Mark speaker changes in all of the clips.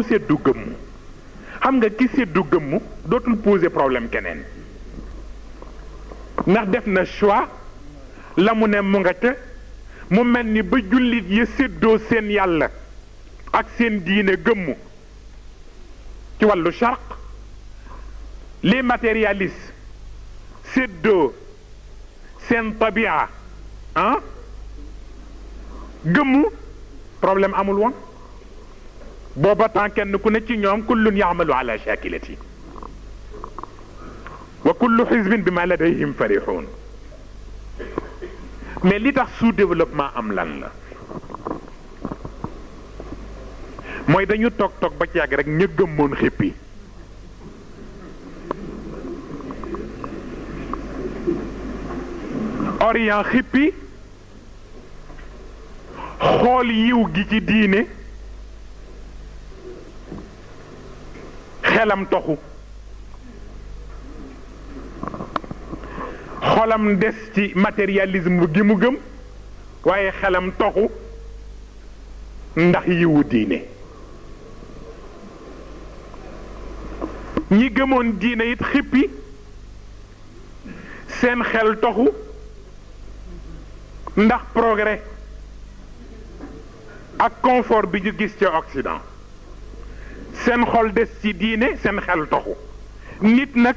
Speaker 1: ku seddu gëmm xam nga ki seddu gëm dootul poser problème keneen ndax def na choix la mu ne mu nga ca mu mel ni ba jullit ya séddoo seen yàlla ak seen diine gëmm ci wàllu charq les matérialistes séddoo seen tabia ah gëmm problème amul woon booba temps kenn ku ne ci ñoom kullun yaamalu ala shakilati wa kullu xisbin bi ma ladayhim farixuun mais li tax sous développement am lan la mooy dañu toog toog ba ci yàgg rek ña gëmmoon xippi orient xippi xool yiw gi ci diine xelam toxu xolam des matérialisme gi mu toxu ndax it xippi xel toxu ndax progrès à confort bi ñu Occident seen xol des ci diine seen xel toxu nit nag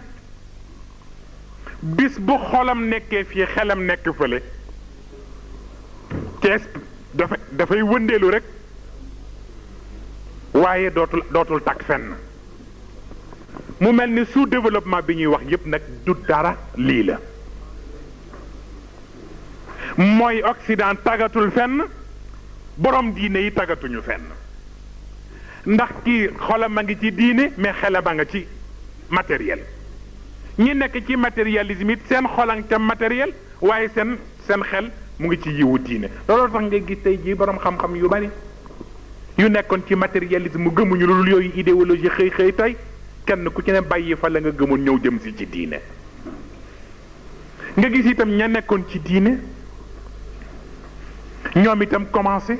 Speaker 1: bis bu xolam nekkee fii xelam nekk fële tees dafay wëndeelu rekk waaye dootul dootul takk fenn mu mel ni sous développement bi ñuy wax yépp nag du dara lii la mooy Occident tagatul fenn boroom diine yi tagatuñu fenn ndax kii xolam a ngi ci diine mais xelam a nga ci matériel ñi nekk ci matérialisme it seen xolan ca matériel waaye seen seen xel mu ngi ci yiwu diine looloo tax nga gis tey jii borom xam-xam yu bari yu nekkoon ci mu gëmuñu lu yooyu idéologie xëy xëy tey kenn ku ci ne bàyyi fa la nga gëmoon ñëw jëm si ci diine nga gis itam ña nekkoon ci diine ñoom itam commencé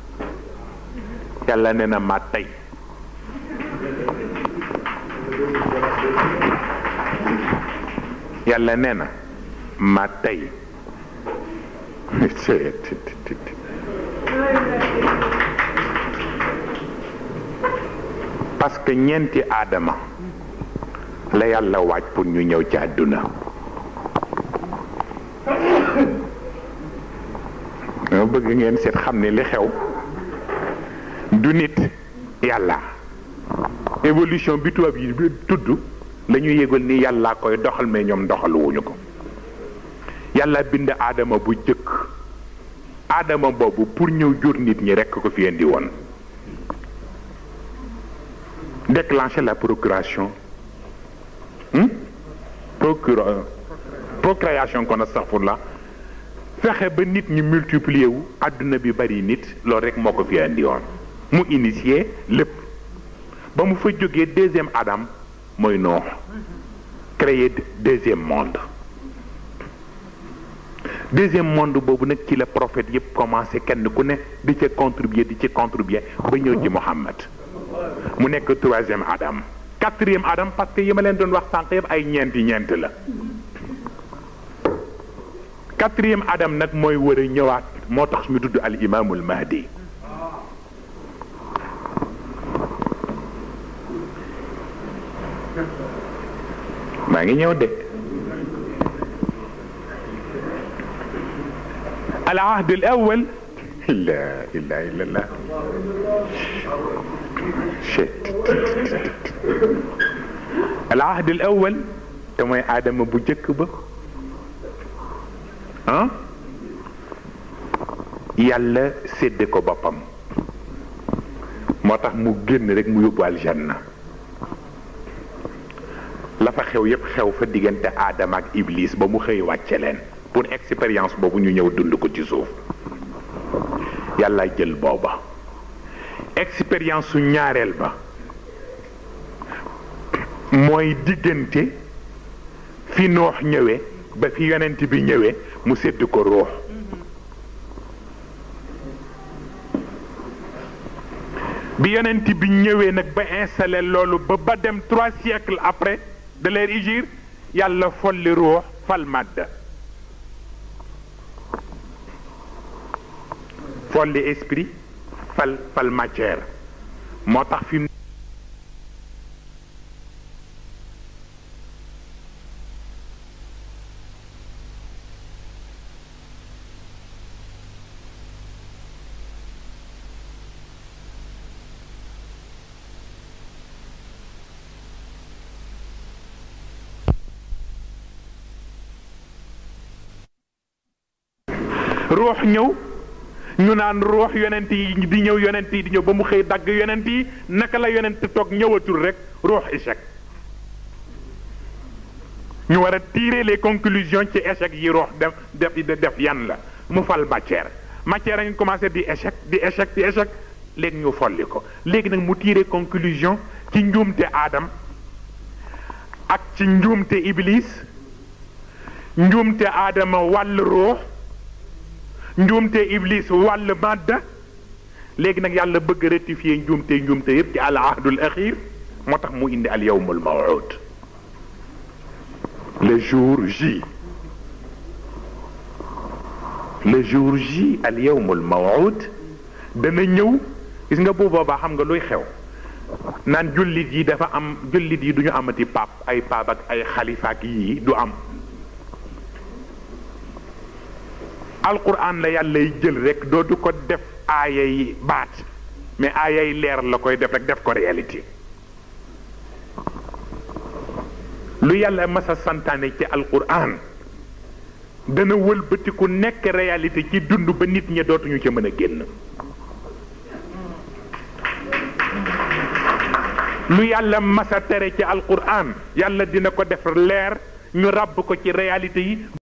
Speaker 1: kalanena nee na ma tey parce que ñenti adama la yalla waaj pour ñu ñew ci aduna ñu bëgg ngeen seet xam li xew du nit yàlla évolution bi tubaab yi tudd la ñu yégal ni yàllaa koy doxal mais ñoom doxaluwuñu ko yàlla bind aadama bu jëkk aadama boobu pour ñëw jur nit ñi rekk ko fi indi woon la procuration hmm? procura procréation kon astaghfirullah fexe ba nit ñi multiplier wu àdduna bi bari nit loolu rekk moo ko fi indi mu initié lépp ba mu fa jógee deuxième Adam mooy Noox créer deuxième monde deuxième monde boobu nag ci la profet yëpp commencé kenn ku ne di ca contribuer di ci contribuer ba ñëw ci Muhammad mu nekk troisième Adam quatrième Adam parce que yi ma leen doon wax sànq yëpp ay ñeenti ñeent la quatrième Adam nag mooy war a ñëwaat moo tax ñu tudd al imaamul mahdi maa ngi ñëw de al ahd al awwal la ilaha illa allah al ahd al te mooy aadama bu jëkk ba ah yàlla sedd ko boppam moo tax mu génn rek mu yóbbu aljanna la fa xew yépp xew fa diggante aadama ak iblis ba mu xëy wàcce leen pour expérience boobu ñu ñëw dund ko ci suuf yàlla jël booba expérience su ñaareel ba mooy diggante fi noox ñëwee ba fi yonent bi ñëwee mu sédd ko ruux bi yonent bi ñëwee nag ba installé loolu ba ba dem trois siècles après da leer yàlla folli ruux fal màdd folli esprit fal moo tax fim ruux ñëw ñu naan ruux yonent yi di ñëw yonent yi di ñëw ba mu xëy dagg yonent yi naka la yonent toog ñëwatul rek ruux échec ñu war a tirer les conclusions ci échec yi ruux def def def yan la mu fal matière matière a ngi commencé di échec di échec di échec léegi ñu folli ko léegi nag mu tirer conclusion ci njuumte aadam ak ci njuumte iblis njuumte aadama wàll ruux njumte iblis wal badda legi nak yàlla bëgg rectifier njumte njumte yépp ci al ahdul axir moo tax mu indi al yawmul mawud le jour J le jour J al yawmul mawud dana ñëw gis nga bu boba xam nga luy xew nan jullit yi dafa am jullit yi duñu amati pap ay pap ak ay khalifa ak yii du am alquran la yàllay jël doo du ko def aaya yi baat mais aaya yi leer la koy def rek def ko réalité lu yàlla masa santaane ci alquran dana wëlbatiku nekk réalité ci dund ba nit ñi dootuñu ci mën a génn lu yàlla masa tere ci alquran yàlla dina ko def leer ñu ràbb ko ci réalité yi